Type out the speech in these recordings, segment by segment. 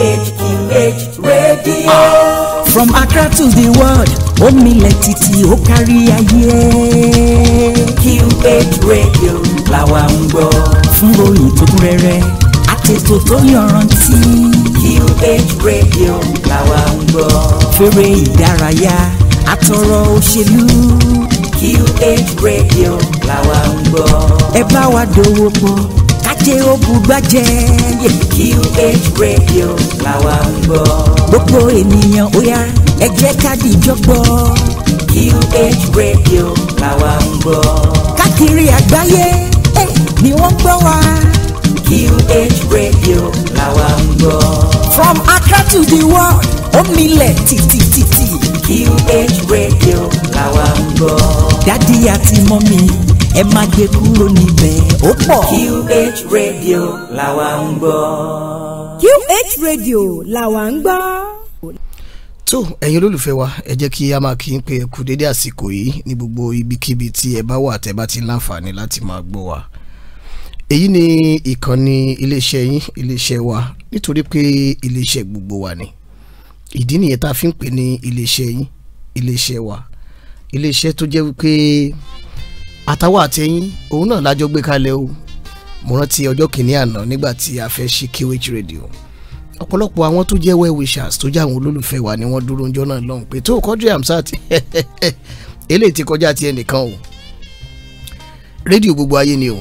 QH Radio. From Accra to the world, omilẹ̀ títí ó kárí ayé. QH Radio làwa ń gbọ́. Fún ròyìn tó kún rẹ́rẹ́, àtètò tó yọrantí. QH Radio làwa ń gbọ́. Fèrè ìdárayá, àtọ̀rọ̀ òṣèlú. QH Radio làwa ń gbọ́. Ẹ bá wa dòwò pọ̀ jáde ó bugbájẹ́. QH radio làwa ń gbọ́. gbogbo ènìyàn ó yá ẹ jẹ́ ká QH radio làwa ń gbọ́. káàkiri àgbáyé ni wọ́n gbọ́ wa. QH radio làwa ń gbọ́. from Accra to the world ó milẹ̀ tìtìtìtì. QH radio làwa ń gbọ́. dádì àti mọ́mí ẹ má gbé kúrò níbẹ̀ ó pọ̀. QH radio làwa ń gbọ́. QH radio làwa ń gbọ́. tó ẹ̀yin olólùfẹ́ wa ẹ jẹ́ kí a máa kí n pé ẹ kú dédé àsìkò yìí ní gbogbo ibikíbi tí ẹ bá wà tẹ́ bá ti láǹfààní láti máa gbọ́ wa èyí ni ìkànnì iléeṣẹ́ yín iléeṣẹ́ wa nítorí pé iléeṣẹ́ gbogbo wa ni ìdí nìyẹn tá a fi ń pè ní iléeṣẹ́ yín iléeṣẹ́ wa iléeṣẹ́ tó jẹ́ wípé. Wípé àtàwọn àtẹ̀yìn òun náà lájọ gbé kalẹ̀ o mo rántí ọjọ́ kìíní àná nígbà tí a fẹ́ ṣí QH radio ọ̀pọ̀lọpọ̀ àwọn tó jẹ́ well wishers tó jẹ́ olólùfẹ́ wa ni wọ́n dúró ọjọ́ náà lọ́hùn pé tó Quadri Hamzat eléyìí ti kọjá ti ẹnìkan o rédíò gbogbo ayé ni o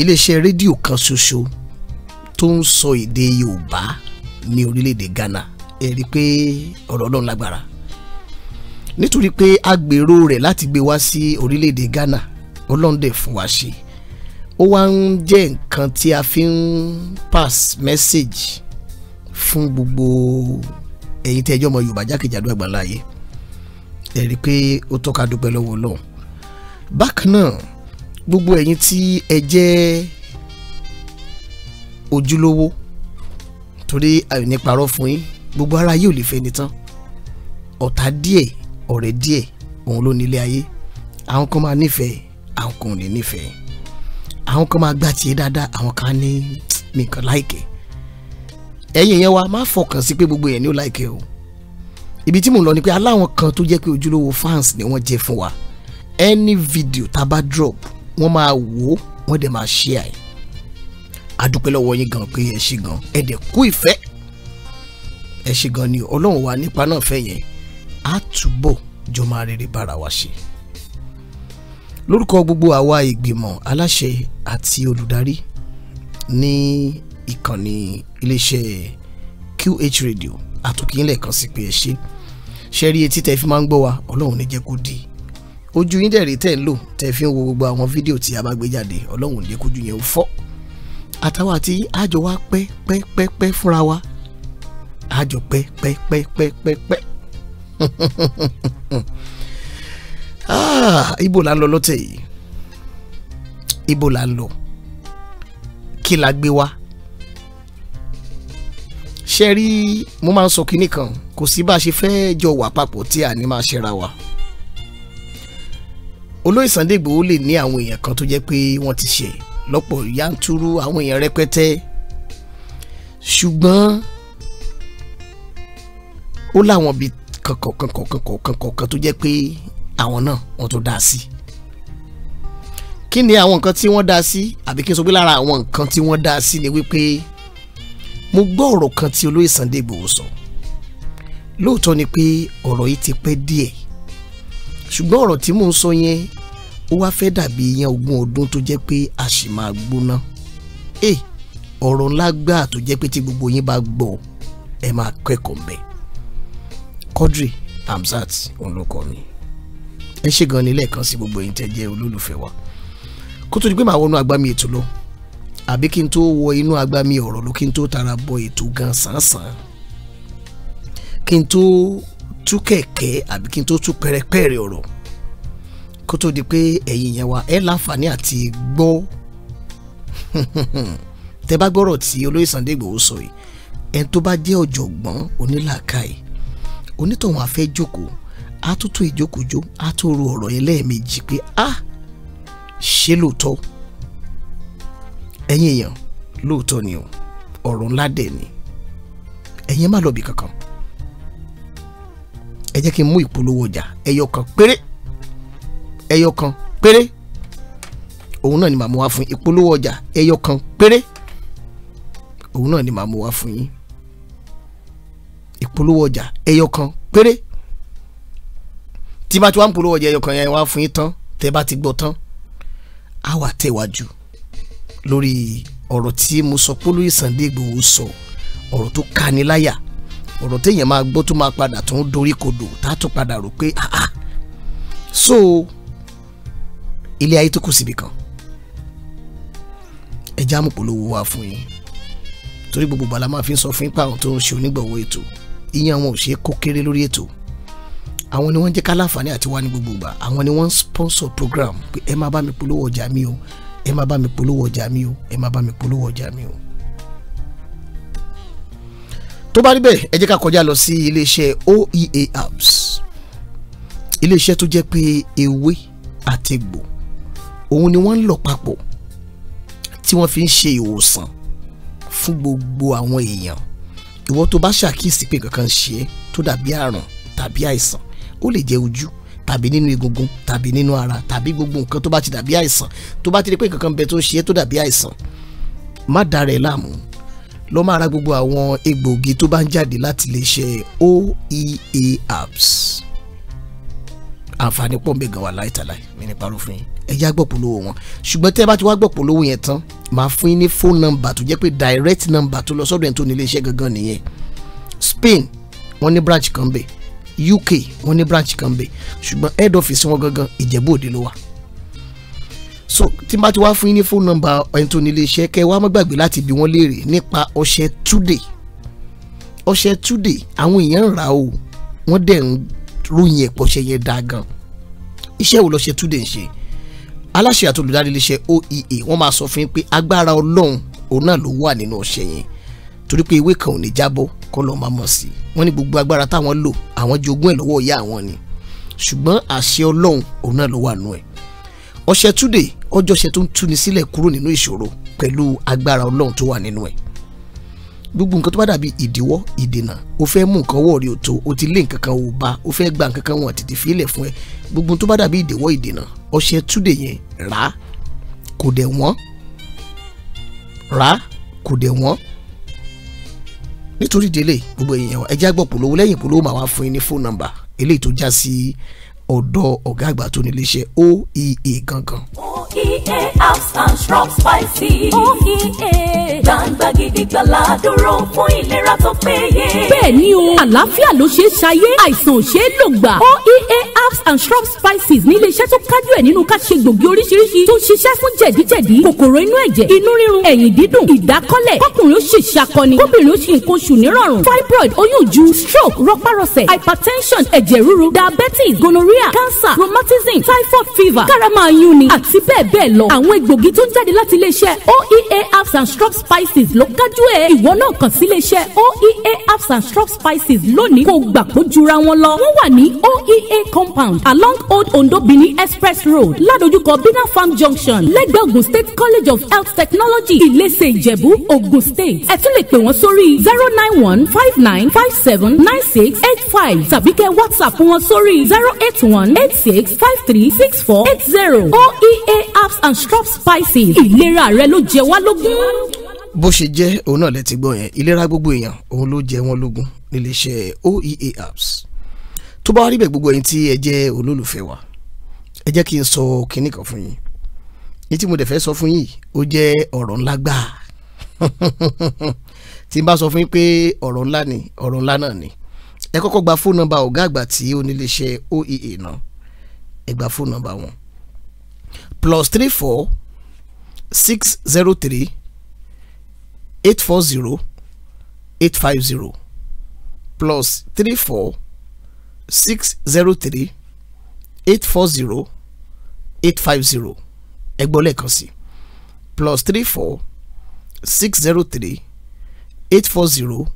iléeṣẹ́ rédíò kan ṣoṣo tó ń sọ èdè Yorùbá ní orílẹ̀-èdè Ghana ẹ rí i pé ọ̀rọ̀ Ọlọ́run lágbára nítorí pé agbèrò rẹ̀ láti gbé wá sí orílẹ̀-èdè Ghana ọlọ́ndẹ̀ fún wa ṣe ó wá ń jẹ́ nǹkan tí a fi ń pass message fún gbogbo ẹ̀yin tẹ́jọ́ ọmọ Yorùbá jákèjádò àgbàlá yìí ẹ̀ rí i pé ó tọ́ka dúpẹ́ lọ́wọ́ Ọlọ́run bákan náà gbogbo ẹ̀yin tí ẹ jẹ́ ojúlówó torí àyò ní parọ́ fún yín gbogbo ara yìí ò lè fẹ́ ni tán ọ̀tá díẹ̀ ọ̀rẹ́ díẹ̀ òun ló nílé ayé àwọn kan máa nífẹ̀ẹ́ àwọn kan ò ní nífẹ̀ẹ́ àwọn kan máa gbà tiẹ̀ dáadáa àwọn kan ní nìkan láìkẹ́ ẹ̀yin yẹn wa má fọkàn sí pé gbogbo yẹn ni ó láìkẹ́ o ibi tí mò ń lọ ni pé aláwọn kan tó jẹ́ pé ojúlówó fans ni wọ́n jẹ́ fún wa any video tá a bá drop wọ́n máa wò ó wọ́n dẹ̀ máa share ẹ̀ adúpẹ́ lọ́wọ́ yín gan pé ẹ ṣe gan ẹ dẹ̀ kú ìfẹ́ ẹ ṣe gan ni ọlọ́run wa nípa náà fẹ́ yẹn á túbọ̀ jọ máa rere bára wa ṣe lórúkọ gbogbo àwa ìgbìmọ̀ aláṣẹ àti olùdarí ní ìkànnì iléeṣẹ́ QH radio àtòkìyìnlẹ̀ kan sí pé ẹ ṣe ṣe rí etí tẹ́ fi máa ń gbọ́ wa ọlọ́run ní jẹ́ kó di ojú yín dẹ̀rẹ̀ tẹ́ ń lò tẹ́ fi ń wo gbogbo àwọn fídíò tí a bá gbé jáde ọlọ́run ní jẹ́ kójú yẹn fọ́ àtàwọn àti àjọ wa pẹ́ pẹ́ pẹ́ pẹ́ fúnra wa àjọ pẹ́ pẹ́ pẹ́ pẹ́ pẹ́ pẹ́ Ah, ibo la ń lọ lọ́tẹ̀ yìí ibo la ń lọ kí la gbé wá ṣe rí mo máa ń sọ kinní kan kò sí bá a ṣe fẹ́ jọ wà papọ̀ tí a ní máa ṣera wa olóyè Sunday Igboho lè ní àwọn èèyàn kan tó jẹ́ pé wọ́n ti ṣe lọ́pọ̀ yanturu àwọn èèyàn rẹpẹtẹ ṣùgbọ́n ó láwọn bíi kọ̀ọ̀kan kọ̀ọ̀kan kọ̀ọ̀kan kọ̀ọ̀kan tó jẹ́ pé àwọn náà wọ́n tó dá sí. kí ni àwọn nǹkan tí wọ́n dá sí àbí kí n sọ pé lára àwọn nǹkan tí wọ́n dá sí ni wípé mo gbọ́ ọ̀rọ̀ kan tí olóyè Sunday Igboho sọ lóòótọ́ ni pé ọ̀rọ̀ yìí ti pẹ́ díẹ̀ ṣùgbọ́n ọ̀rọ̀ tí mò ń sọ yẹn ó wá fẹ́ dàbí iyán ogún ọdún tó jẹ́ pé a sì máa gbóná ẹ eh, ọ̀rọ̀ ńlá gbáà tó jẹ́ pé tí gbogbo yín bá gbọ́ ẹ máa kẹ́kọ̀ọ́ mbẹ́ Quadri Hamzat òun mi ẹ ṣe gan ni lẹ́ẹ̀kan sí gbogbo ẹ̀yin tẹ́ jẹ́ wa kó tó di pé màá wọnú agbámi ètò lọ àbí kí n tó wọ inú agbámi ọ̀rọ̀ ló kí n tó tara bọ ètò gan sànsàn kí n tó tú kẹ̀kẹ́ àbí kí n tó tú pẹ̀rẹ̀pẹ̀rẹ̀ ọ̀rọ̀ kó tó di pé ẹ̀yin yẹn wa ẹ láǹfààní àti gbọ́ tẹ́ bá gbọ́rọ̀ tí olóyè Sunday Igboho sọ yìí ẹni tó bá jẹ́ ọ̀jọ̀gbọ́n onílàákàyè onítọ̀hún á fẹ́ jókòó á tún tún ìjókòójó á tún ro ọ̀rọ̀ yẹn lẹ́ẹ̀mejì pé a ṣé lóòótọ́ ẹ̀yin èèyàn lóòótọ́ ni o ọ̀rọ̀ ńlá dẹ̀ ni ẹ̀yin má lọ bì kankan ẹ jẹ́ kí n mú ìpolówó ọjà ẹyọ kan péré ẹyọ kan péré òun náà ni màá mú wá fún yín ìpolówó ọjà ẹyọ kan péré òun náà ni màá mú wá fún yín ìpolówó ọjà ẹyọ kan péré tí bá ti wá ń polówó ọjà ẹyọ kan yẹn wá fún yín tán tẹ́ bá ti gbọ́ tán á wà tẹ̀wájú lórí ọ̀rọ̀ tí mo sọ pé olóyè Sunday Igboho sọ ọ̀rọ̀ tó kani láyà ọ̀rọ̀ téèyàn máa gbọ́ tó máa padà tó ń dorí kodò tá a tún padà rò pé ah ah so ilé ayé tó kù síbi kan ẹja mú polówó wá fún yín torí gbogbo bàlá máa fi sọ fún yín pé àwọn tó ń ṣe onígbọ̀wọ́ ètò iye àwọn ò ṣe é kó kéré lórí ètò àwọn ni wọ́n jẹ́ káláǹfààní àti wá ní gbogbo ìgbà àwọn ni wọ́n sponsor program pé ẹ máa bá mi polówó ọjà mi o ẹ máa bá mi polówó ọjà mi o ẹ máa bá mi polówó ọjà mi o. tó bá rí bẹ́ẹ̀ ẹ jẹ́ ká kọjá lọ sí iléeṣẹ́ oea apps iléeṣẹ́ tó jẹ́ pé ewé àtegbò òun ni wọ́n ń lọ papọ̀ tí wọ́n fi ń ṣe ìwòsàn fún gbogbo àwọn èèyàn ìwọ tó bá ṣàkíyèsí pé kankan ṣe é tó dàbí àrùn tàbí àìsàn ó lè jẹ́ ojú tàbí nínú egungun tàbí nínú ara tàbí gbogbo nǹkan tó bá ti dàbí àìsàn tó bá ti rí pé kankan bẹ tó ń ṣe é tó dàbí àìsàn má dára ẹ láàmú lọ máa ra gbogbo àwọn egbòogi tó bá ń jáde láti iléeṣẹ́ OEA apps àǹfààní pọ̀ mbẹ́ gan wà láì tàláì mi ní parọ́ fún yín ẹ̀yà gbọ́ polówó wọn ṣùgbọ́n tẹ́ bá ti wá gbọ́ polówó yẹn tán màá fún yín ní phone number tó jẹ́ pé direct number tó lọ sọ́dọ̀ ẹ̀ tó ní iléeṣẹ́ gangan nìyẹn Spain wọ́n ní branch kan bẹ̀ UK wọ́n ní branch kan bẹ̀ ṣùgbọ́n head office wọn gangan Ìjẹ̀bú Òde ló wà so tí bá ti wá fún yín ní phone number ẹni tó ní iléeṣẹ́ kẹ́ wá má gbàgbé láti bi wọ́n léèrè nípa ọṣẹ Today ọṣẹ Today àwọn èèyàn ń rà o wọ́n dẹ̀ ń ròyìn ẹ̀pọ̀ ṣe yẹn dáa gan iṣẹ́ wo lọ ṣe túnde ń ṣe aláṣẹ àti olùdarí iléeṣẹ́ oea wọ́n máa sọ fún yín pé agbára ọlọ́run òun náà ló wà nínú ọṣẹ yẹn torí pé ewé kan ò ní jábọ́ kọ́ lọ́ọ́ máa mọ̀ sí i wọ́n ní gbogbo agbára táwọn lò àwọn jogún ẹ̀ lọ́wọ́ ìyá àwọn ni ṣùgbọ́n àṣẹ ọlọ́run òun náà ló wà nù ẹ̀ ọṣẹ túnde ọjọ́ ṣe tó ń túni sílẹ̀ kúrò nínú ìṣòro pẹ̀lú agbára ọlọ́run tó wà nínú ẹ̀ gbogbo nǹkan tó bá dàbí ìdíwọ́ ìdènà o fẹ́ mú nǹkan wọ̀ọ́rí o tó o ti lé nǹkan kan o bá o fẹ́ gba nǹkan kan wọn tètè fílẹ̀ fún ẹ gbogbo tó bá dàbí ìdíwọ́ ìdènà ọṣẹ túdè yẹn rà á kò dẹ̀ wọ́n rà á kò dẹ̀ wọ́n nítorí délé gbogbo èèyàn ẹjẹ́ àgbọ̀ lẹ́yìn polówó màá wá fún yín ní fóònù nọ́mbà eléyìí tó já sí ọ̀dọ̀ ọ̀gá àgbà tó níléeṣẹ́ oea gangan. oea apps and shrub spices. oea gbangba gidigba la dúró fún ìlera tó péye. bẹ́ẹ̀ ni o àlàáfíà ló ṣe é ṣayé àìsàn ò ṣe é lògbà oea herbs and shrub spices ní iléeṣẹ́ tó kájú ẹ̀ nínú ká ṣe gbòógì oríṣiríṣi tó ṣiṣẹ́ fún jẹ̀díjẹ̀dí kòkòrò inú ẹ̀jẹ̀ inú rírun ẹ̀yìn dídùn ìdákọ́lẹ̀ kọkùnrin ó ṣe ṣàkọni kóbìnrin ó ṣe nǹkan oṣù nírọ̀rùn fibroid oyún ju stroke rọpárọsẹ̀ hypertension ẹ̀jẹ̀ ríru diabetes gonorrhea cancer rheumatism typhoid fever karama karamayuni àti bẹ́ẹ̀ bẹ́ẹ̀ lọ àwọn egbògi tó ń jáde láti iléeṣẹ́ oea herbs and shrub spices ló kájú ẹ̀ ìwọ náà kàn sí iléeṣẹ́ oea herbs and shrub spices lónìí kó gbà kó jura wọn lọ wọ́n wà ní oea company compound along old ondo benin express road ládojúkọ bina farm junction lẹ́gbẹ̀ẹ́ ogun state college of health technology ilese ìjẹ̀bú ogun state ẹ tún lè pè wọ́n sórí zero nine one five nine five seven nine six eight five tàbí kẹ́ whatsapp wọn sórí zero eight one eight six five three six four eight zero oea apps and strop spices ìlera rẹ ló jẹ wá lógún. bó ṣe jẹ́ òun náà lẹ ti gbọ́ yẹn ìlera gbogbo èèyàn òun ló jẹ wọ́n lógún níléeṣẹ́ oea apps tó bá rí bẹ́ẹ̀ gbogbo ẹ̀yin tí ẹ jẹ́ olólùfẹ́ wa ẹ jẹ́ kí n sọ kinní kan fún yín ní tí mo dẹ̀ fẹ́ sọ fún yín ó jẹ́ ọ̀rọ̀ ńlá gbáà tí n bá sọ fún yín pé ọ̀rọ̀ ńlá ni ọ̀rọ̀ ńlá náà ni ẹ kọ́kọ́ gba fóònù nọ́mbà ọ̀gá àgbà tí ó nílé iṣẹ́ oea náà ẹ gba fóònù nọ́mbà wọn plus three four six zero three eight four zero eight five zero plus three four six zero three eight four zero eight five zero ẹgbọ́n lẹ́ẹ̀kan sí plus three four six zero three eight four zero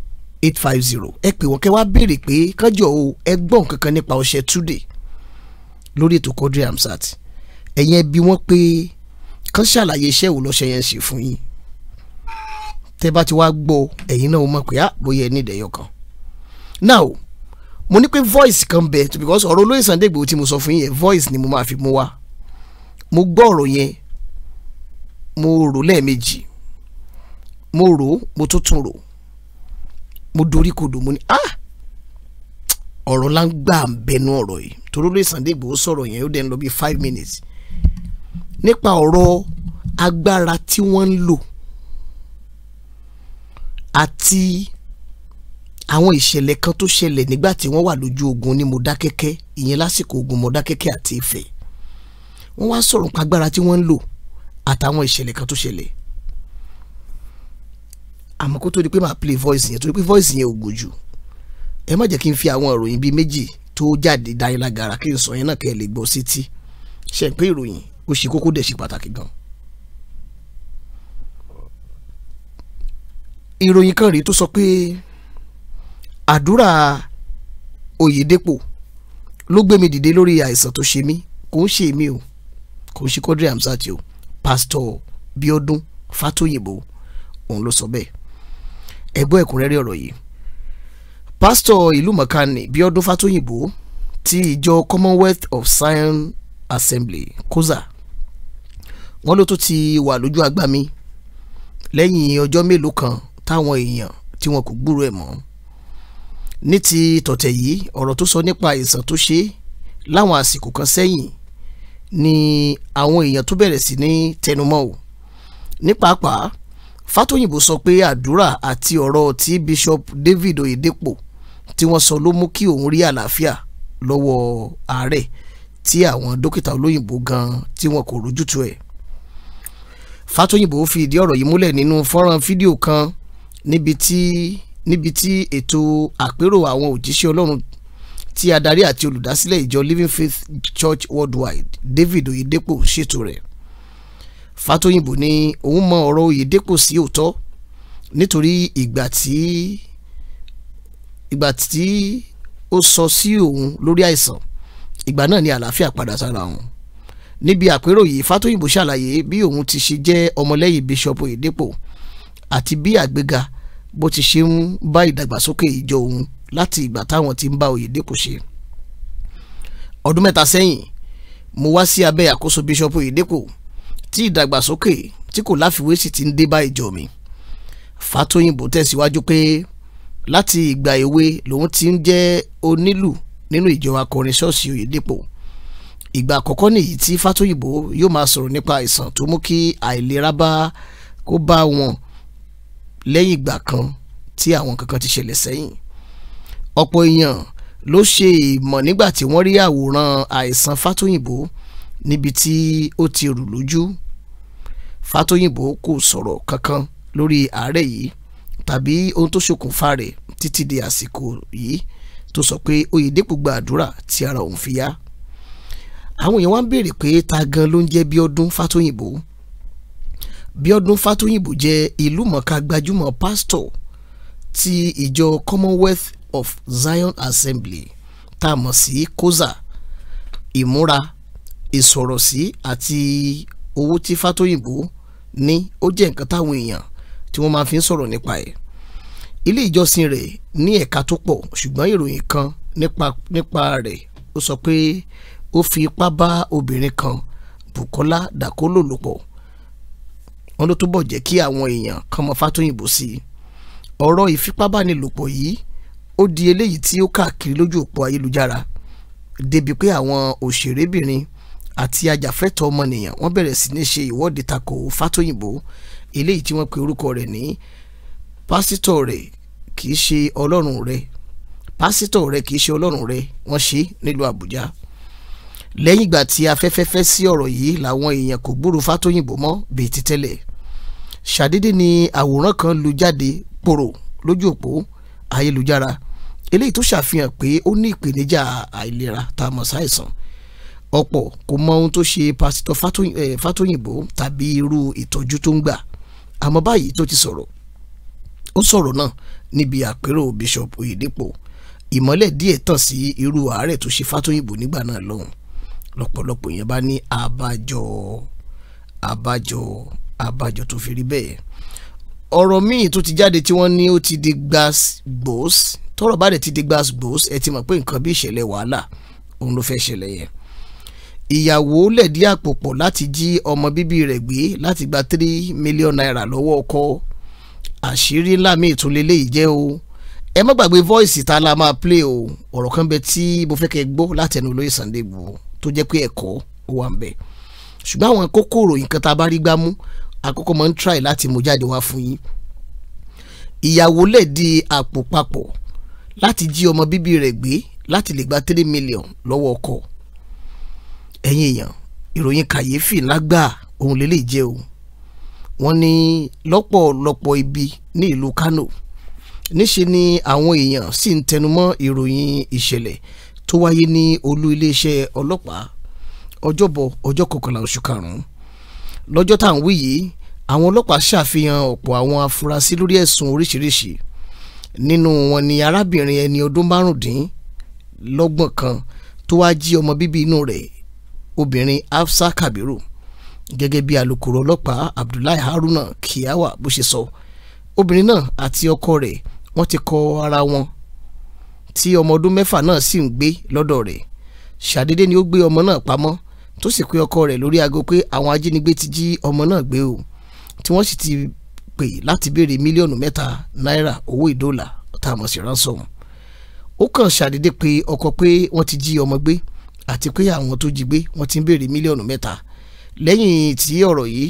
eight five zero ẹ pè wọ́n kẹ́ wá béèrè pé kánjọ́ o ẹ gbọ́n kankan nípa ọṣẹ Túndé lórí ètò Quadri Hamzat ẹ̀yẹn bí wọ́n pé kán ṣàlàyé iṣẹ́ wo lọ́ṣẹ yẹn ṣe fún yín tẹ́ bá ti wá gbọ́ ẹ̀yin náà mọ̀ pé á ah, bóyá ẹ nídẹ̀ẹ́yọ kan now mo ní pé voice kan bẹ because ọ̀rọ̀ olóyè Sunday Igboho tí mo sọ fún yẹn voice ni mo máa fi mú wá mo gbọ́ ọ̀rọ̀ yẹn mo rò lẹ́ẹ̀mejì mo rò mo tún tún rò mo dorí kodò mo ní ah ọ̀rọ̀ la ń gbà ń bẹnu ọ̀rọ̀ yìí torí olóyè Sunday Igboho sọ̀rọ̀ yẹn ó dẹ̀ lọ bí five minutes nípa ọ̀rọ̀ agbára tí wọ́n ń lò àti àwọn ìṣẹ̀lẹ̀ kan tó ṣẹlẹ̀ nígbà tí wọ́n wà lójú ogun ní Mọdákẹ́kẹ́ ìyẹn lásìkò ogun Mọdákẹ́kẹ́ àti Ifẹ̀ wọ́n wá sọ̀rọ̀ nípa agbára tí wọ́n ń lò àtàwọn ìṣẹ̀lẹ̀ kan tó ṣẹlẹ̀ àmọ́ kó tó di pé màá play voice yẹn torí pé voice yẹn ò gùn jù ẹ má jẹ́ kí n fi àwọn ìròyìn bíi méjì tó jáde dánilágara kí n sọ yẹn náà kẹ́ ẹ lè gbọ́ sétí ṣe pé ìròyìn ó ṣe kókó dẹ̀ ṣe pàtàkì gan. ìròyìn kan rèé tó sọ pé àdúrà Oyèdépò ló gbé mi dìde lórí àìsàn tó ṣe mí kò ń ṣe mí o kò ń ṣe Quadri Hamzat o pásítọ̀ Bíọ́dún Fátóyìnbó òun ló sọ bẹ́ẹ̀ ẹ ẹ̀kúnrẹ́rẹ́ ọ̀rọ̀ yìí pásítọ̀ ìlú mọ̀kánì Bíọ́dún Fátóyìnbó ti ìjọ Commonwealth of Science Assembly koza wọ́n ló tún ti wà lójú agbá mi lẹ́yìn ọjọ́ mélòó kan táwọn èèyàn tí wọn kò gbúrò ẹ̀ mọ́ ní ti tọ̀tẹ̀ yìí ọ̀rọ̀ tó sọ nípa àìsàn tó ṣe láwọn àsìkò kan sẹ́yìn ni àwọn èèyàn tó bẹ̀rẹ̀ sí ní tẹnumọ́ o ní pàápàá Fátóyìnbó sọ pé àdúrà àti ọ̀rọ̀ tí Bishop David Oyedepo tí wọ́n sọ ló mú kí òun rí àlàáfíà lọ́wọ́ ààrẹ tí àwọn dókítà olóyìnbó gan tí wọn kò rójútu ẹ̀. Fátóyìnbó fi ìdí ọ̀rọ̀ yìí múlẹ̀ nínú fọ́nrán fídíò kan níbi tí níbi tí ètò àpérò àwọn òjíṣẹ́ ọlọ́run tí adarí àti olùdásílẹ̀ ìjọ Living Faith Church Worldwide David Oyedepo ṣètò rẹ̀ Fatoyinbo ní òun mọ ọ̀rọ̀ Oyedepo sí òótọ́ nítorí ìgbà tí ìgbà tí ó sọ sí òun lórí àìsàn ìgbà náà ni àlàáfíà padà sára òun níbi àpérò yìí Fatoyinbo ṣàlàyé bí òun ti ṣe jẹ́ ọmọlẹ́yìn Bishop Oyedepo àti bí àgbéga bó ti ṣe ń bá ìdàgbàsókè ìjọ òun láti ìgbà táwọn ti ń bá Oyèdèpọ̀ ṣe ọdún mẹ́ta sẹ́yìn mo wá sí abẹ́ àkóso bíṣọ́pù Oyèdèpọ̀ tí ìdàgbàsókè tí kò láfiwé sì ti ń dé bá ìjọ mi Fàtóyìnbó tẹ̀síwájú pé láti ìgbà èwe lòun ti ń jẹ́ onílù nínú ìjọ akọrin ṣọ́ọ̀ṣì Oyèdèpọ̀ ìgbà àkọ́kọ́ nìyí tí Fàtóyìnbó yóò máa sọ̀rọ̀ nípa àìsàn tó mú kí àìlera bá kó bá wọn lẹ́yìn ìgbà kan tí àwọn kankan ti ṣẹlẹ̀ sẹ́yìn ọ̀pọ̀ èèyàn ló ṣe ìmọ̀ nígbà tí wọ́n rí àwòrán àìsàn Fátóyìnbó níbi tí ó ti rù lójú Fátóyìnbó kò sọ̀rọ̀ kankan lórí àárẹ̀ yìí tàbí ohun tó ṣokùnfà rẹ̀ títí di àsìkò yìí tó sọ pé Oyèdépò gba àdúrà tí ara òun fi yá àwọn èèyàn wá ń béèrè pé ta gan ló ń jẹ́ Bíọ́dún Fátóyìnbó Bíọ́dún Fátóyìnbó jẹ́ ìlúmọ̀ọ́ká gbajúmọ̀ pásítọ̀ ti ìjọ Commonwealth of Zion Assembly tá a mọ̀ sí koza ìmúra ìsọ̀rọ̀sí àti owó tí Fátóyìnbó ní ó jẹ́ nǹkan táwọn èèyàn tí wọ́n máa fi ń sọ̀rọ̀ nípa ẹ̀ ilé ìjọsìn rẹ̀ ní ẹ̀ka tó pọ̀ ṣùgbọ́n ìròyìn kan nípa rẹ̀ ó sọ pé ó fi ipá bá obìnrin kan Bùkọ́lá Dàkólò lò pọ̀ wọn ló túbọ̀ jẹ́ kí àwọn èèyàn kan mọ Fátóyìnbó sí i ọ̀rọ̀ ìfipábánilòpọ̀ yìí ó di eléyìí tí ó káàkiri lójú òpó ayélujára débi pé àwọn òṣèrébìnrin àti ajàfẹ́tọ̀ ọmọnìyàn wọ́n bẹ̀rẹ̀ sí ní ṣe ìwọ́de tako Fátóyìnbó eléyìí tí wọ́n pe orúkọ rẹ̀ ní pásítọ̀ rẹ̀ kì í ṣe ọlọ́run rẹ̀ pásítọ̀ rẹ̀ kì í ṣe ọlọ́run rẹ̀ wọ́n ṣe nílùú Àbújá lẹ́yìn ìgbà tí afẹ́fẹ́fẹ́ sí ọ̀rọ̀ yìí làwọn èèyàn kò gbúrú Fátóyìnbó mọ́ bíi ti tẹ́lẹ̀ ṣàdédé ni àwòrán kan lu jáde pòrò lójú òpó ayélujára eléyìí tó ṣàfihàn pé ó ní ìpèníjà àìlera tá a mọ̀ sáìsàn ọ̀pọ̀ kò mọ ohun tó ṣe pásítọ̀ eh, Fátóyìnbó tàbí irú ìtọ́jú tó ń gbà àmọ́ báyìí tó ti sọ̀rọ̀ ó sọ̀rọ̀ náà níbi àpérò Bishop Oyedepo ìmọ́lẹ̀ díẹ̀ tàn sí irú àárẹ̀ tó ṣe Fátóyìnbó nígbà náà lọ́hùn lọ́pọ̀lọpọ̀ yẹn bá ní abájọ abájọ àbájọ tó fi rí bẹ́ẹ̀ ọ̀rọ̀ míì tó ti jáde tí wọ́n ní ó ti di gbas gbòs tọ́rọ̀ bá dẹ̀ ti di gbas gbòs ẹ ti mọ̀ pé nǹkan bí ìṣẹ̀lẹ̀ wàhálà òun ló fẹ́ ṣẹlẹ̀ yẹn ìyàwó lẹ̀dí àpò pọ̀ láti jí ọmọ bíbí rẹ̀ gbé láti gba three million naira lọ́wọ́ ọkọ àṣírí ńlá míì tún lélẹ́yìí jẹ́ o ẹ má gbàgbé voice ta la máa play o ọ̀rọ̀ kan bẹ tí mo fẹ́ kẹ́ gbọ́ látẹnu olóyè Sunday Igboho tó jẹ́ pé ẹ̀kọ́ ó wà ń bẹ ṣùgbọ́n àwọn kókó ìròyìn kan tá bá rí gbámú àkókò máa ń try láti mú jáde wá fún yín ìyàwó lè di àpò papọ̀ láti jí ọmọ bíbí rẹ̀ gbé láti lè gba three million lọ́wọ́ ọkọ ẹ̀yin èèyàn ìròyìn kàyéfì ńlá gbà òun lélẹ̀ jẹ́ o wọ́n ní lọ́pọ̀lọpọ̀ ibi ní ìlú Kano níṣe ni àwọn èèyàn sì ń tẹnumọ́ ìròyìn ìṣẹ̀lẹ̀ tó wáyé ní olú iléeṣẹ́ ọlọ́pàá ọjọ́bọ̀ ọjọ́ kọkànlá oṣù karùn-ún lọ́jọ́ tá à ń wí yìí àwọn ọlọ́pàá ṣàfihàn ọ̀pọ̀ àwọn afurasí lórí ẹ̀sùn oríṣiríṣi nínú wọn ni arábìnrin ẹni ọdún márùndínlọ́gbọ̀n kan tó wáá jí ọmọ bíbí inú rẹ̀ obìnrin Hafsa Kabiru gẹ́gẹ́ bí alukoro ọlọ́pàá Abdullahi Haruna Kiyawa bó ṣe sọ obìnrin náà àti ọkọ rẹ̀ wọ́n ti kọ ara wọn tí ọmọ ọdún mẹ́fà náà sì ń gbé lọ́dọ̀ rẹ̀ ṣàdédé ni ó gbé ọmọ náà pamọ́ tó sì pé ọkọ rẹ̀ lórí aago pé àwọn ajínigbé ti jí ọmọ náà gbé o tí wọ́n sì ti pè láti béèrè mílíọ̀nù mẹ́ta náírà owó ìdóòlà tá a mọ̀ sí ransom ó kàn ṣàdédé pé ọkọ pé wọ́n ti jí ọmọ gbé àti pé àwọn tó jí gbé wọ́n ti ń béèrè mílíọ̀nù mẹ́ta lẹ́yìn tí ọ̀rọ̀ yìí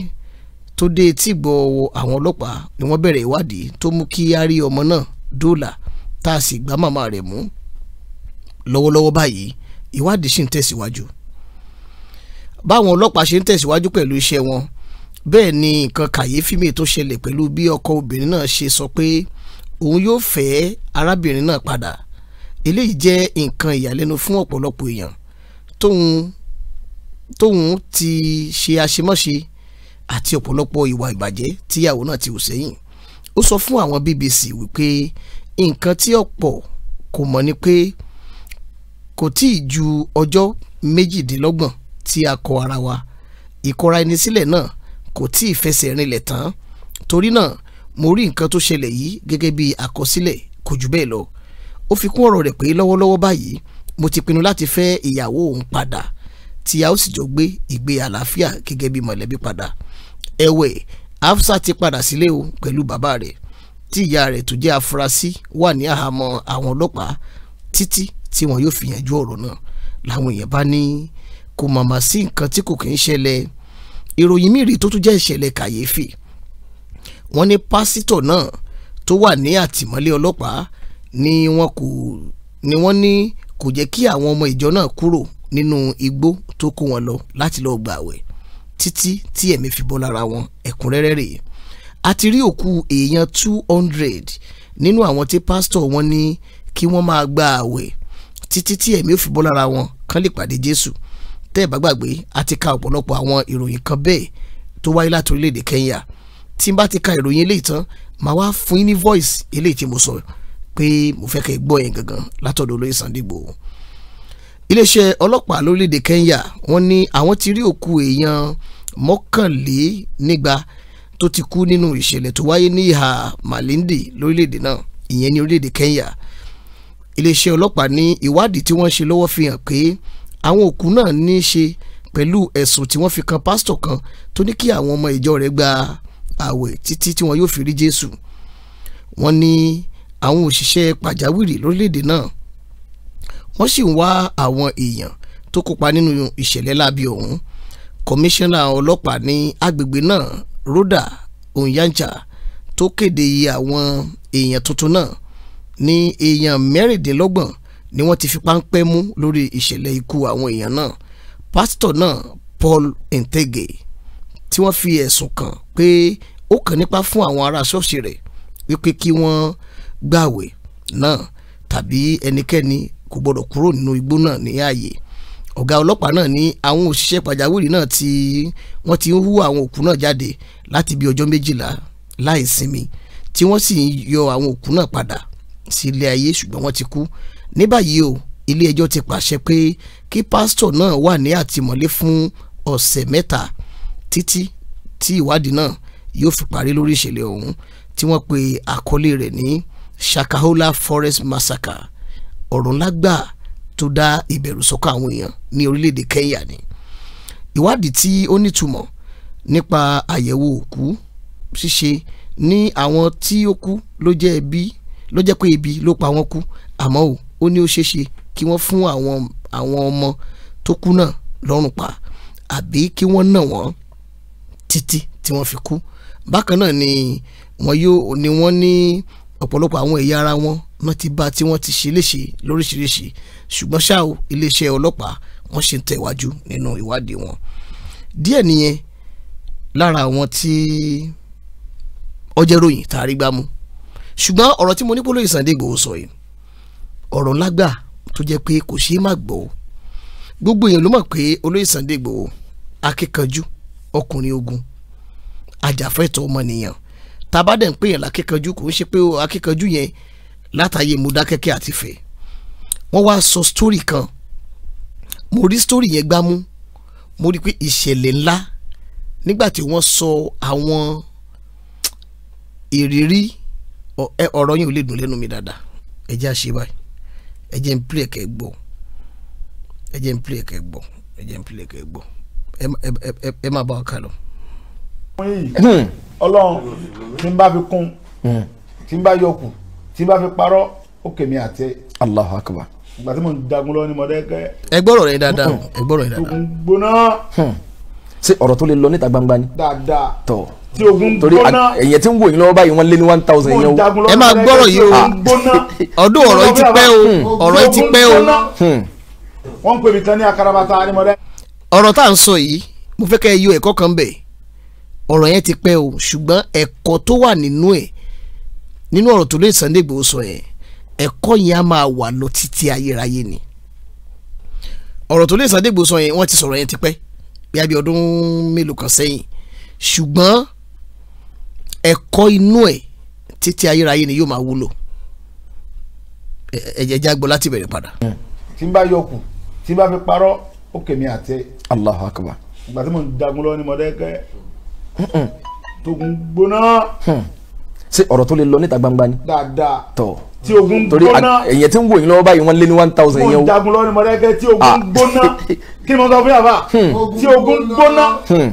tó dé tí gbọ́wọ́ àwọn ọlọ́pàá ni wọ́n bẹ̀rẹ̀ ìwádìí tó mú kí á rí ọmọ náà dóòlà tá a sì gbá màmá rẹ̀ mú lọ́wọ́lọ́wọ́ báyìí ìwádìí sì ń tẹ̀síwájú báwọn ọlọ́pàá ṣe ń tẹ̀síwájú pẹ̀lú iṣẹ́ wọn bẹ́ẹ̀ ni nǹkan kàyéfì mi tó ṣẹlẹ̀ pẹ̀lú bí ọkọ obìnrin náà ṣe sọ pé òun yóò fẹ́ arábìnrin náà padà eléyìí jẹ́ nǹkan ìyàlẹ́nu fún ọ̀pọ̀lọpọ̀ èèyàn tóun tóun ti ṣe àṣemáṣe àti ọ̀pọ̀lọpọ̀ ìwà ìbàjẹ́ tíyàwó náà ti hù sẹ́yìn ó sọ fún àwọn BBC wípé nǹkan tí ọ̀pọ̀ kò mọ̀ ni pé kò tíì ju ọjọ́ méjìdínlọ́gbọ̀n tí a kọ ara wa ìkọra ẹni sílẹ̀ náà kò tí ì fẹsẹ̀ rinlẹ̀ tán torí náà mo rí nǹkan tó ṣẹlẹ̀ yìí gẹ́gẹ́ bí àkọsílẹ̀ kò jù bẹ́ẹ̀ lọ ó fi kún ọ̀rọ̀ rẹ̀ pé lọ́wọ́lọ́wọ́ báyìí mo ti pinnu láti fẹ́ ìyàwó òun padà tí a ó sì jọ gbé ìgbé àlàáfíà gẹ́gẹ́ bí mọ̀lẹ́bí padà ẹ̀wẹ̀ Hafsa ti padà sílé o pẹ̀lú bàbá rẹ̀ tí ìyá rẹ̀ tó jẹ́ afurasí wà ní àhámọ́ àwọn ọlọ́pàá títí tí wọn yóò fi yanjú ọ̀rọ̀ náà làwọn èèyàn bá ní kò màmá sí nǹkan tí kò kì í ṣẹlẹ̀ ìròyìn mìíràn tó tún jẹ́ ìṣẹ̀lẹ̀ kàyéfì wọ́n ní pásítọ̀ náà tó wà ní àtìmọ́lé ọlọ́pàá ni wọ́n ni wọ́n ní kò jẹ́ kí àwọn ọmọ ìjọ náà kúrò nínú igbó tó kó wọn lọ láti lọ́ọ́ gbààwẹ̀ títí tí ẹ̀mí fi bọ́ lára wọn ẹ̀kúnrẹ́rẹ́ rèé a ti rí òkú èèyàn two hundred nínú àwọn tí pásítọ̀ wọn ní kí wọ́n máa gba ààwẹ̀ títí tí ẹ̀mí ò fi bọ́ lára wọn kán lè pàdé Jésù tẹ́ ẹ̀ bá gbàgbé a ti ka ọ̀pọ̀lọpọ̀ àwọn ìròyìn kan bẹ́ẹ̀ tó wáyé láti orílẹ̀-èdè Kenya tí n bá ti ka ìròyìn eléyìí tán màá wá fún yín ní voice eléyìí tí mo sọ pé mo fẹ́ kẹ́ ẹ gbọ́ yẹn gangan látọ̀dọ̀ olóyè Sunday iléeṣẹ́ ọlọ́pàá lórílẹ̀‐èdè Kenya wọ́n ní àwọn ti rí òkú èèyàn mọ́kànlénígba tó ti kú nínú ìṣẹ̀lẹ̀ tó wáyé ní ìhà Malindi lórílẹ̀‐èdè náà ìyẹn ní orílẹ̀‐èdè Kenya iléeṣẹ́ ọlọ́pàá ní ìwádìí tí wọ́n ṣe lọ́wọ́ fi hàn pé àwọn òkú náà ní í ṣe pẹ̀lú ẹ̀sùn tí wọ́n fi kan pásítọ̀ kan tó ní kí àwọn ọmọ ìjọ rẹ̀ gba àwẹ̀ títí tí wọn yóò fi rí Jésù wọ́n ní àwọn òṣìṣẹ́ pàjáwìrì lórílẹ̀‐èdè náà wọ́n sì ń wá àwọn èèyàn tó kópa nínú ìṣẹ̀lẹ̀ láabi ọ̀hún kọmíṣánná ọlọ́pàá ní agbègbè náà Rhoda Onyancha tó kéde àwọn èèyàn tuntun náà ní èèyàn mẹ́rìndínlọ́gbọ̀n ni wọ́n ti fi páńpẹ́ mú lórí ìṣẹ̀lẹ̀ ikú àwọn èèyàn náà pásítọ̀ náà Paul Ntege tí wọ́n fi ẹ̀sùn kàn pé ó kàn nípa fún àwọn ará ṣọ́ọ̀ṣì rẹ̀ wípé kí wọ́n gbààwẹ̀ náà tàbí ẹnikẹ́ni kò gbọ́dọ̀ kúrò nínú igbó náà ní ààyè ọ̀gá ọlọ́pàá náà ní àwọn òṣìṣẹ́ pàjáwìrì náà tí wọ́n ti ń hú àwọn òkú náà jáde láti bí ọjọ́ méjìlá láì sinmi tí wọ́n sì ń yọ àwọn òkú náà padà sí ilé ayé ṣùgbọ́n wọ́n ti kú ní báyìí o ilé ẹjọ́ ti pàṣẹ pé kí pásítọ̀ náà wà ní àtìmọ́lé fún ọ̀sẹ̀ mẹ́ta títí tí ìwádìí náà yóò fi parí lórí ìṣẹ̀lẹ̀ ọ̀hún tí wọ́n pe àkọlé rẹ̀ ní Shakahola Forest Massacre ọ̀rọ̀ ńlá gbà tó dá ìbẹ̀rù sọ́kàn àwọn èèyàn ní orílẹ̀-èdè Kenya ni ìwádìí tí ó nítumọ̀ nípa àyẹ̀wò òkú ṣíṣe ní àwọn tí ó kú ló jẹ́ pé ebi ló pa wọ́n kú àmọ́ o ó ní ó ṣeé ṣe kí wọ́n fún àwọn àwọn ọmọ tó kú náà lọ́rùn pa àbí kí wọ́n nà wọ́n títí tí wọ́n fi kú bákan náà ni wọ́n yóò ni wọ́n ní ọ̀pọ̀lọpọ̀ àwọn ẹ̀yà ara wọn wọ́n ti bá tí wọ́n ti ṣe léṣe lóríṣiríṣi ṣùgbọ́n ṣá o iléeṣẹ́ ọlọ́pàá wọ́n ṣe ń tẹ̀wájú nínú ìwádìí wọn. díẹ̀ nìyẹn lára àwọn tí ọjẹ́ ròyìn tá a rí gbámú ṣùgbọ́n ọ̀rọ̀ tí mo ní pólóyè Sunday Igboho sọ yìí ọ̀rọ̀ lágbà tó jẹ́ pé kò ṣeé má gbọ́ gbogbo èèyàn ló mọ̀ pé olóyè Sunday Igboho akíkanjú ọkùnrin ogun ajàfẹ́tọ̀ ọmọnìyàn tabadẹ̀ ń pè yàn lákíkanjú kò ń ṣe pé akíkanjú yẹn látàyè Mọdákẹ́kẹ́ àti Ifẹ̀ wọ́n wá sọ sítórì kan mo rí sítórì yẹn gbámú mo rí pé ìṣẹ̀lẹ̀ ńlá nígbà tí wọ́n sọ àwọn ìrírí ọ̀rọ̀ yìí ò lè dùn lẹ́nu mi dáadáa ẹ jẹ́ àṣẹ báyìí ẹ jẹ́ n play kẹ́ gbọ́ ẹ jẹ́ n play kẹ́ gbọ́ ẹ jẹ́ n play kẹ́ gbọ́ ẹ má bá wa kà lọ. Hmm. ọlọ́run tí n bá fi kún hmm. tí n bá yọ kù tí n bá fi parọ́ ó kèmí àti. Allahu Akbar. ìgbà tí mo ń dagun lọ ni mo dẹ́ kẹ́. ẹ gbọ́rọ̀ rẹ dáadáa ẹ gbọ́rọ̀ rẹ dáadáa. gbóná. Hmm ṣé ọ̀rọ̀ tó lè lọ níta gbangba ni. dáadáa tọ tí ogun gbóná ẹ̀yẹ tí ń wò yín lọ́wọ́ báyìí wọ́n lé ní one thousand yẹn o. ẹ máa gbọ́rọ̀ yìí o ọdún ọ̀rọ̀ yìí ti pẹ́ o ọ̀rọ̀ yìí ti pẹ́ o. Hmm. wọ́n ń pè mí tán ní akarabata arimọ̀dẹ́. ọ̀rọ̀ tá à ń sọ yìí mo fẹ́ kẹ́ ẹ yọ ẹ̀kọ́ kan bẹ̀ ọ̀rọ̀ yẹn ti pẹ́ o ṣùgbọ́n ẹ̀kọ́ tó wà nínú ẹ̀ nínú ọ̀rọ̀ tó lè Sunday Igboho sọ yẹn ẹ̀kọ́ yẹn á máa wà lọ títí ayérayé ni ọ̀rọ̀ tó lè Sunday Igboho sọ yẹn wọ́n ti sọ̀rọ̀ yẹn ti pẹ́ bí abẹ́ ọdún mélòó kan sẹ́yìn ṣùgbọ́n ẹ̀kọ́ inú ẹ̀ títí ayérayé ni yóò máa wúlò ẹ̀jẹ̀ jágbó láti bẹ̀rẹ̀ padà. tí n bá yọkù tí n bá fi parọ́ ó kèmí àtẹ. Allahu Akbar. ìgbà tí mo ń dagun lọ ni mo dẹ́ kẹ́ tó ń gbóná. Hmm ṣe ọ̀rọ̀ tó lè lọ níta gbangba ni. dáadáa tọ tí ogun gbóná torí tí ń wò yín lọ́wọ́ báyìí wọ́n lé ní one thousand yẹn o. mo jagun lọ́ọ́ ni mo tí ogun ah. gbóná kí ni mo sọ fún yàrá hmm. tí ogun gbóná hmm.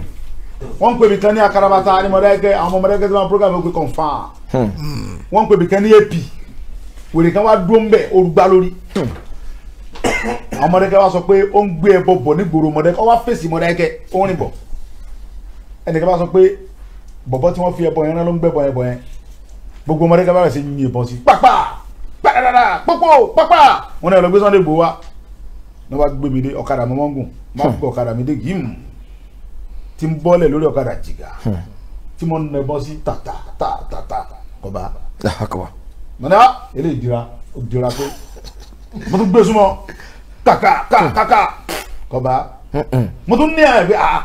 wọ́n ń pè mí kan ní akarabata ni mo àwọn ọmọ rẹ́gẹ́ tí wọ́n program ogun confam hmm. wọ́n ń pè mí kan ní ap wèrè kan wá dúró ń bẹ̀ orúgbá lórí àwọn mọ̀dẹ́kẹ́ wa sọ pé ó ń gbé ẹbọ bọ̀ nígboro mọ̀dẹ́kẹ́ ó wá fèsì mọ̀dẹ́kẹ́ ó ń rìn bọ̀ ẹnìkan bá sọ pé bọ̀bọ̀ tí wọ́n fi ẹbọ yẹn rán ló ń gbẹ́bọ̀ ẹbọ yẹn gbogbo ọmọdé kábàárà sí yín ìbọn sí pápá pàdàdàdà pópó pápá wọn náà lọ gbé Sunday Igboho wá ní wàá gbé mi dé ọ̀kadà mọ́mọ́ gùn máa gbọ́ ọ̀kadà mi dé gíìmù tí ń bọ́lẹ̀ lórí ọ̀kadà jìgà hmm. tí mo nà ẹbọ sí tàtà tàtà tàtà kọba. Ah, mọ̀nà ah, eléyìí dira ó dira pé mo tún gbé e súnmọ́ kàkà hmm. kàkà kọba mo tún ní àyè pé ah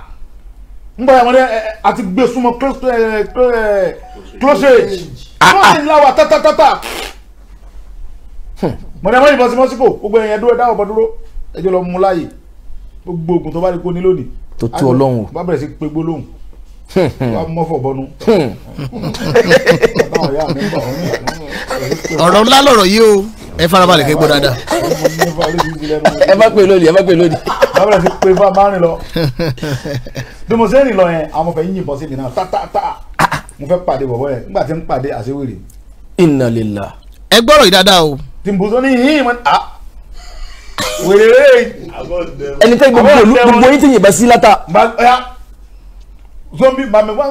ń bọ̀ àti gbé e súnmọ́ close close age fáìn láwà tátátátá mọ̀nà mọ́ ìbọn sí mọ́síkò gbogbo ẹ̀yẹn dúró dáwọ̀ bọ́ dúró ẹjọ́ lọ mú láàyè gbogbo oògùn tó bá rí kó ní lónìí tó tú ọlọ́run bá bẹ̀rẹ̀ sí pé gbólóhùn hmm. wàá mọ́fọ̀ bọ́nu. Hmm. ọ̀rọ̀ ńlá lọ̀rọ̀ yìí o ẹ farabalẹ̀ kẹ́ gbọ́ dáadáa. ẹ má pè lónìí ẹ má pè lónìí. bá bẹ̀rẹ̀ sí pé fún amárìn lọ hmm. bí mo ṣe ń rìn lọ yẹn àwọn ọmọ fẹ́ yìnbọn sí mi náà tá tá tá mo fẹ́ pàdé bọ̀bọ̀ yẹn nígbà tí ń pàdé àṣewèrè. inna lillah. ẹ gbọ́rọ̀ ìdáadáa o. tìǹbù sọ ní yìnyín mọ́ a. wèrè ẹni tẹ́ gbogbo olú gbogbo yín ti yìnbọn sí látà. zombi bàmí wá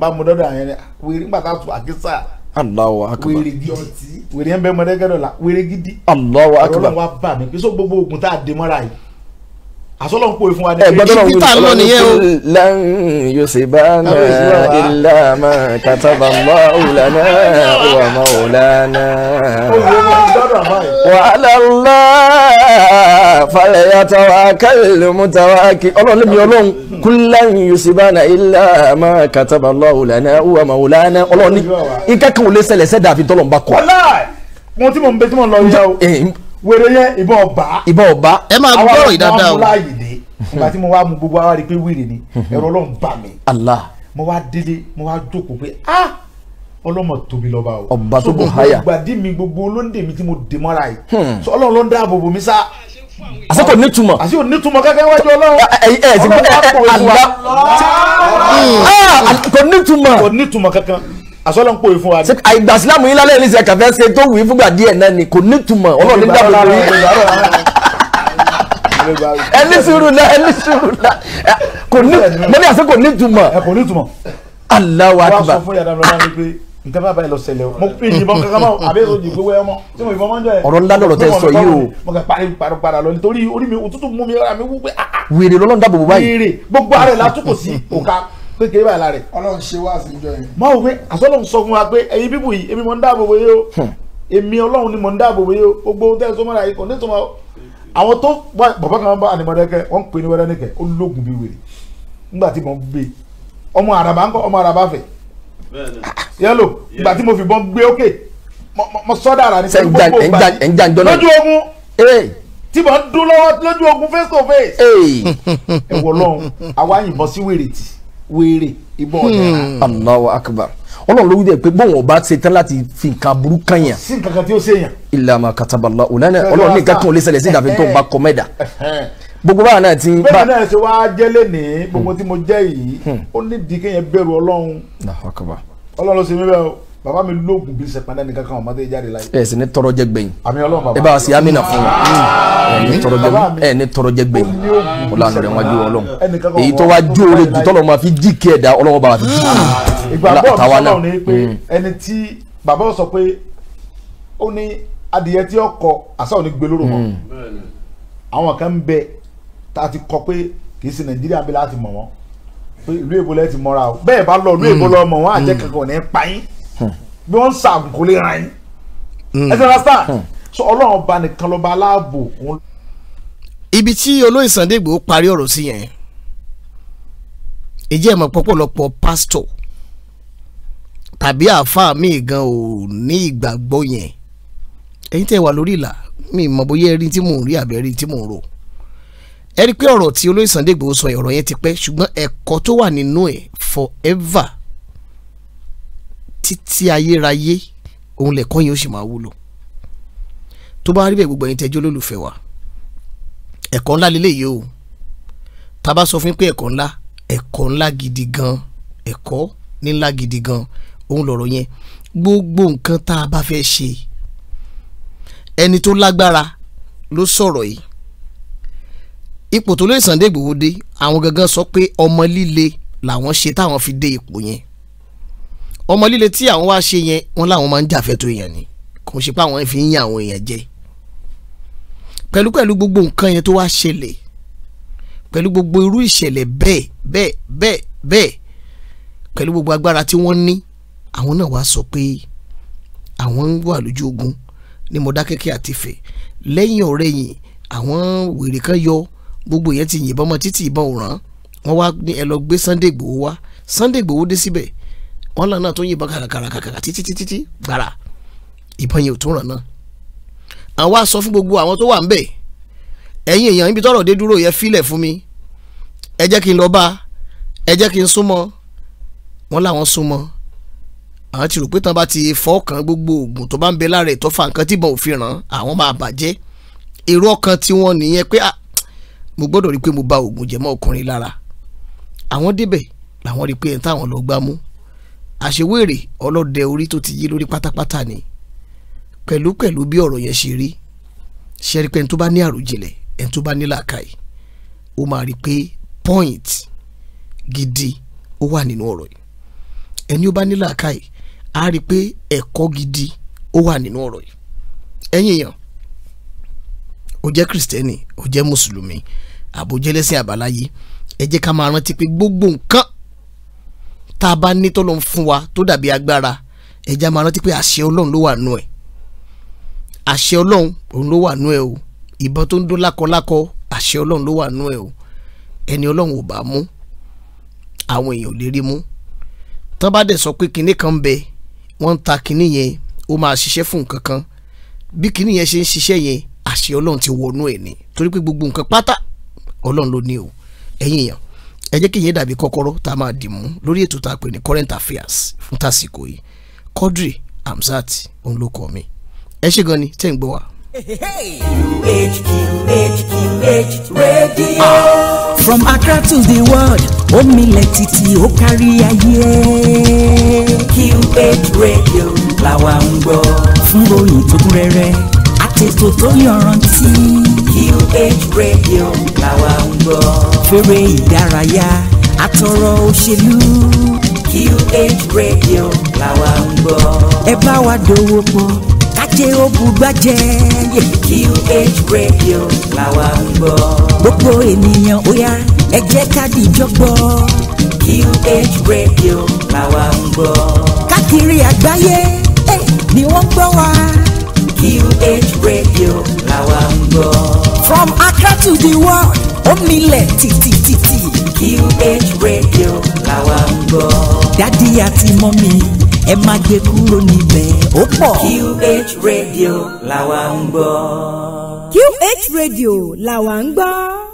bá mo dọ́dọ̀ àyẹ̀rẹ̀ wèrè nígbà tá a tún àkísà. Allahu akbar. Wèrè gidi. Wèrè yẹn bẹ́ẹ̀ mọ́dẹ́gẹ́dọ̀ la. Wèrè gidi. Allahu akbar. Ọlọ́run wa bà mí. Bí so gbogbo oògùn tá a dé mọ́ra yìí àsọlọ́ ń pòwe fún wa ní. ẹgbẹ́ tọ́lọ́ ń pòwe nìyẹn o. lan yusibana illa ma kataba Allahu lana wa maulana. wa ala Allah falyatawakkal mutawakkil ọlọ́run lèmi ọlọ́run kul lan yusibana illa ma kataba Allahu lana wa maulana ọlọ́run ní ìkẹ́kọ̀ọ́ lè ṣẹlẹ̀ sẹ́dá àfi tọ́lọ̀ ń bá kọ́. wọ́n tí mo ń bẹ tí mo ń lọ yá o wèrè yẹn ìbọn ọba ìbọn ọba ẹ máa gbọ́rọ̀ ìdáadáa o àwọn àwọn amúláyè dé tí mo wá mu gbogbo ara rí pé wèrè ni ẹ̀rọ ọlọ́run bà mí Allah mo wá délé mo wá jókòó pé ah ọlọ́mọ tóbi lọ́ba o ọba tó bò háyà gbàdí mi gbogbo olóńdè mi tí mo dè mọ́ra yìí hmm. sọ ọlọ́run ló ń dáàbò bò mí sá àsìkò nítumọ̀ àsìkò nítumọ̀ kankan wájú ọlọ́run ẹ̀yìn ẹ̀yìn ti gbọ́ àlá kò nítumọ̀ kò kankan asọ́lọ́npọ̀ yìí fún wa. àìgbà sílámù yín lálẹ́ ní sẹ́ka fẹ́ ṣe tó wù í fúngbà díẹ̀ náà ni kò ní túmọ̀ ọlọ́run ní dàbò lórí. ẹni sùúrù náà ẹni sùúrù náà kò ní mo ní àṣẹ kò ní túmọ̀. ẹ kò ní túmọ̀. Allahu Akbar. wàá sọ fún yàrá lọ́la ni pé nǹkan bá báyìí lọ ṣẹlẹ̀ o mo fi ìbọn kankan mọ́ àbí èso jì gbéwẹ́ ọmọ tí mo ìbọn mọ́ jọ ẹ̀. ọ̀rọ̀ ńlá lọ̀rọ̀ tẹ sọ yìí o. mo kàn parí parí padà lọ nítorí orí mi òtútù mú mi ara mi wú pé. Ah, ah. wèrè lọ́lọ́run dáàbò bò báyìí. wèrè gbogbo ara ẹ̀ látúkò sí òkà kékeré báyìí lára rẹ̀. ọlọ́run ṣe wá sí ìjọ yẹn. máa wò pé àsọlọ́run sọ fún wa pé ẹ̀yin bíbù yìí èmi mò ń dáàbò wòye o hmm. èmi ọlọ́run ni mò ń dáàbò wòye o gbogbo tẹ́ ẹ sọ mọ́ra yìí kàn ní sọmọ àwọn tó bàbá kan bá ànìmọ̀dẹ́kẹ́ wọ́n ń pè ní wẹ́rẹ́nìkẹ́ ó lóògùn bí wèrè nígbà tí mo gbé e, ọmọ àràbà ńkọ́ ọmọ àràbà fẹ̀ yẹ́lò nígbà tí mo fi bọ́n gbé ókè mo sọ́dà ara ní sẹ́yìn gbogbo gbà lójú ogun tí mo ń dún lọ́wọ́ lójú ogun face to face ẹ̀wọ̀ lọ́hùn àwa yìnbọn sí wèrè tì wéèrè ìbọn hmm. ọ̀dẹ̀. Allahu akbar ọlọ́run ló wí dẹ̀ pé bọ́wọ̀n ọba ṣe tán láti fi nǹkan burú kan yàn. sí nǹkan kan tí ó ṣe yàn. ìlànà katabala ọ̀lànà ọlọ́run ní nǹkan kan ò lè ṣẹlẹ̀ sí ìdàfẹ́ tó ń bá kọ́mẹ́dà. gbogbo báwa náà ti. bẹ́ẹ̀ náà ṣe wáá jẹ́lé ní gbogbo hmm. tí mo jẹ́ yìí hmm. ó ní di bẹ̀rù ọlọ́run. ọlọ́run ló ṣe mí bẹ́ẹ̀ o bàbá mi lóògùn bí sẹpẹlẹ nìkan kan ọmọdé jáde láyé. ẹ sì ní tọrọ jẹ gbẹ̀yìn. ẹ bá a sì amínà fún wa. ẹ ní tọrọ jẹ gbẹ̀yìn ẹ ní tọrọ jẹ gbẹ̀yìn. ó lànà rẹ wọn ju Ọlọ́run. èyí tó wá jó oore jù tọ́lọ́ máa fi jí kí ẹ̀dá Ọlọ́run bàbá fi jí. Ah, ìgbàgbọ́ Ọlọ́run ni pé mm. ẹni tí bàbá sọ pé ó ní adìyẹ tí ó kọ àṣà ò ní gbé lóró wọn. Mm. àwọn kan ń bẹ tá a ti kọ pé kì í ṣe Nàìjíríà bí láti mọ̀ wọ́n pé ìlú èbó lẹ́ ti mọ́ra o bẹ́ẹ̀ bá lọ ìlú èbó mm. lọ mọ̀ wọ́n àjẹkẹ̀kọ̀ ní pa yín bí wọ́n ń ṣàgùn kò lè ràn yín hmm. ẹ ti understand hmm. so ọlọ́run ọba nìkan lọ́ba aláàbò òun. ibi tí olóyè Sunday Igboho parí ọ̀rọ̀ sí yẹn ìjẹ́ ìmọ̀ pọ̀pọ̀lọpọ̀ pásítọ̀ tàbí àáfàá mi gan ò ní ìgbàgbọ́ yẹn ẹ̀yin tẹ́ wà lórí ìlà mi mọ̀ bóyá ẹ̀rí tí mò ń rí àbẹ̀rí tí mò ń rò ẹ rí i pé ọ̀rọ̀ tí olóyè Sunday Igboho sọ ọ̀rọ̀ yẹn ti pẹ́ ṣùgbọ́n ẹ̀kọ́ tó wà nínú ẹ̀ forever títí ayérayé òun lẹ̀kọ́ yẹn ó sì máa wúlò tó bá rí bẹ́ẹ̀ gbogbo ẹ̀yin tẹ́jọ́ lólùfẹ́ wa ẹ̀kọ́ ńlá lélẹ́yìí o tá a bá sọ fún pé ẹ̀kọ́ ńlá ẹ̀kọ́ ńlá gidi gan ẹ̀kọ́ ńlá gidi gan òun lọ̀rọ̀ yẹn gbogbo nǹkan tá a bá fẹ́ ṣe ẹni tó lágbára ló sọ̀rọ̀ yìí ipò tó lè Sunday Igboho dé àwọn gangan sọ pé ọmọ líle làwọn ṣe táwọn fi dé ipò yẹn ọmọ líle tí àwọn wá ṣe yẹn wọn làwọn máa ń jàfẹ́tọ̀ èèyàn ni kò ṣe pé àwọn fi ń yan àwọn èèyàn jẹ pẹ̀lú pẹ̀lú gbogbo nǹkan yẹn tó wá ṣẹlẹ̀ pẹ̀lú gbogbo irú ìṣẹ̀lẹ̀ bẹ́ẹ̀ bẹ́ẹ̀ bẹ́ẹ̀ bẹ́ẹ̀ pẹ̀lú gbogbo agbára tí wọ́n ní àwọn náà wá sọ pé àwọn ń wà lójú ogun ní Mọdákẹ́kẹ́ àti Ifẹ̀ lẹ́yìn ọ̀rẹ́ yìí àwọn wèrè kan yọ gbogbo yẹn ti yìnbọn mọ́ títí ìbọn òràn wọ́n wá ní ẹ lọ gbé Sunday Igboho wá Sunday Igboho dé síbẹ̀ wọ́n lọ́nà tó yìnbọn kàràkàràkàrà títí títí gbàrà ìbọn yẹn ò tó ràn náà àwa sọ fún gbogbo àwọn tó wà ń bẹ̀ ẹ̀yin èèyàn ibi tọ́rọ̀ dé dúró yẹ fílẹ̀ fún mi ẹ jẹ́ kí n lọ bá ẹ jẹ́ kí n súnmọ́ wọ́n láwọn súnmọ́ àwọn ti rò pé tán bá ti fọ́ọ̀kan gbogbo oògùn tó bá ń bẹ lára ẹ̀ tó fa nǹkan tìbọn ò fi ràn àwọn máa bàjẹ́ èrò ọkàn tiwọn nìyẹn pé ah, mo gbọ́dọ̀ rí i pé mo bà oògùn jẹ́ mọ́ ọkùnrin lára àwọn débẹ̀ làwọn rí i pé ẹ̀ táwọn lọ gbá mú àṣewèrè ọlọ́dẹ orí tó ti yí lórí pátápátá ni pẹ̀lúpẹ̀lú bí ọ̀rọ̀ yẹn ṣe rí ṣẹ́rí pé ẹni tó bá ní àròjinlẹ̀ ẹni tó bá ní làákàyè ó máa rí i pé point gidi ó wà nínú ọ̀rọ̀ yìí ẹni ó bá ní làákàyè á rí i pé ẹ̀kọ́ gidi ó wà nínú ọ̀rọ̀ yìí ẹ̀yin èèyàn ó jẹ́ kristẹni ó jẹ́ mùsùlùmí àbójẹ́lẹ́sìn àbáláyé ẹ ká máa rántí pé gbogbo nǹkan tá a bá ní tó lọ́n fún wa tó dàbí agbára ẹja máa rántí pé àṣẹ ọlọ́run ló wà nù ẹ̀ àṣẹ ọlọ́run òun ló wà nù ẹ̀ o ìbọn tó ń dún lákọlákọ àṣẹ ọlọ́run ló wà nù ẹ̀ o ẹni ọlọ́run ò bá mú àwọn èèyàn lè rí mú tán bá dẹ̀ sọ pé kinní kan bẹ wọ́n ń ta kinní yẹn ó máa ṣiṣẹ́ fún nǹkan kan bí kinní yẹn ṣe ń ṣiṣẹ́ yẹn àṣẹ ọlọ́run ti wọnú ẹ̀ ni torí pé gbogbo nǹkan pátá ọlọ́run ló ní o ẹ̀yin èèyàn ẹ jẹ́ kí yẹn dàbí kọ́kọ́rọ́ tá a máa dì mú lórí ètò tá a pè ní current affairs fún tásìkò yìí Quadri Hamzat òun mi ẹ ṣé gan ni tẹ́ ń gbọ́ wa. radio. From Accra to the world, omilẹ̀ títí ó kárí ayé. QH radio làwa ń gbọ́. Fún ròyìn tó kún rẹ́rẹ́, àtètò tó yọrantí. QH radio làwa ń gbọ́ fèrè ìdárayá àtọ̀rọ̀ òṣèlú. QH radio làwa ń gbọ́. ẹ bá wa dòwò pọ̀ kájé ogun gbàjẹ́. QH radio làwa ń gbọ́. gbogbo ènìyàn ó yá ẹ jẹ́ ká dìjọ́ QH radio làwa ń gbọ́. káàkiri àgbáyé eh, ni wọ́n gbọ́ wa QH radio làwa ń gbọ́. from Accra to the world ó milẹ̀ tìtìtìtì. QH radio làwa ń gbọ́. dádì àti mọ́mí ẹ má gbé kúrò níbẹ̀ ó pọ̀. QH radio làwa ń gbọ́. QH radio làwa ń gbọ́.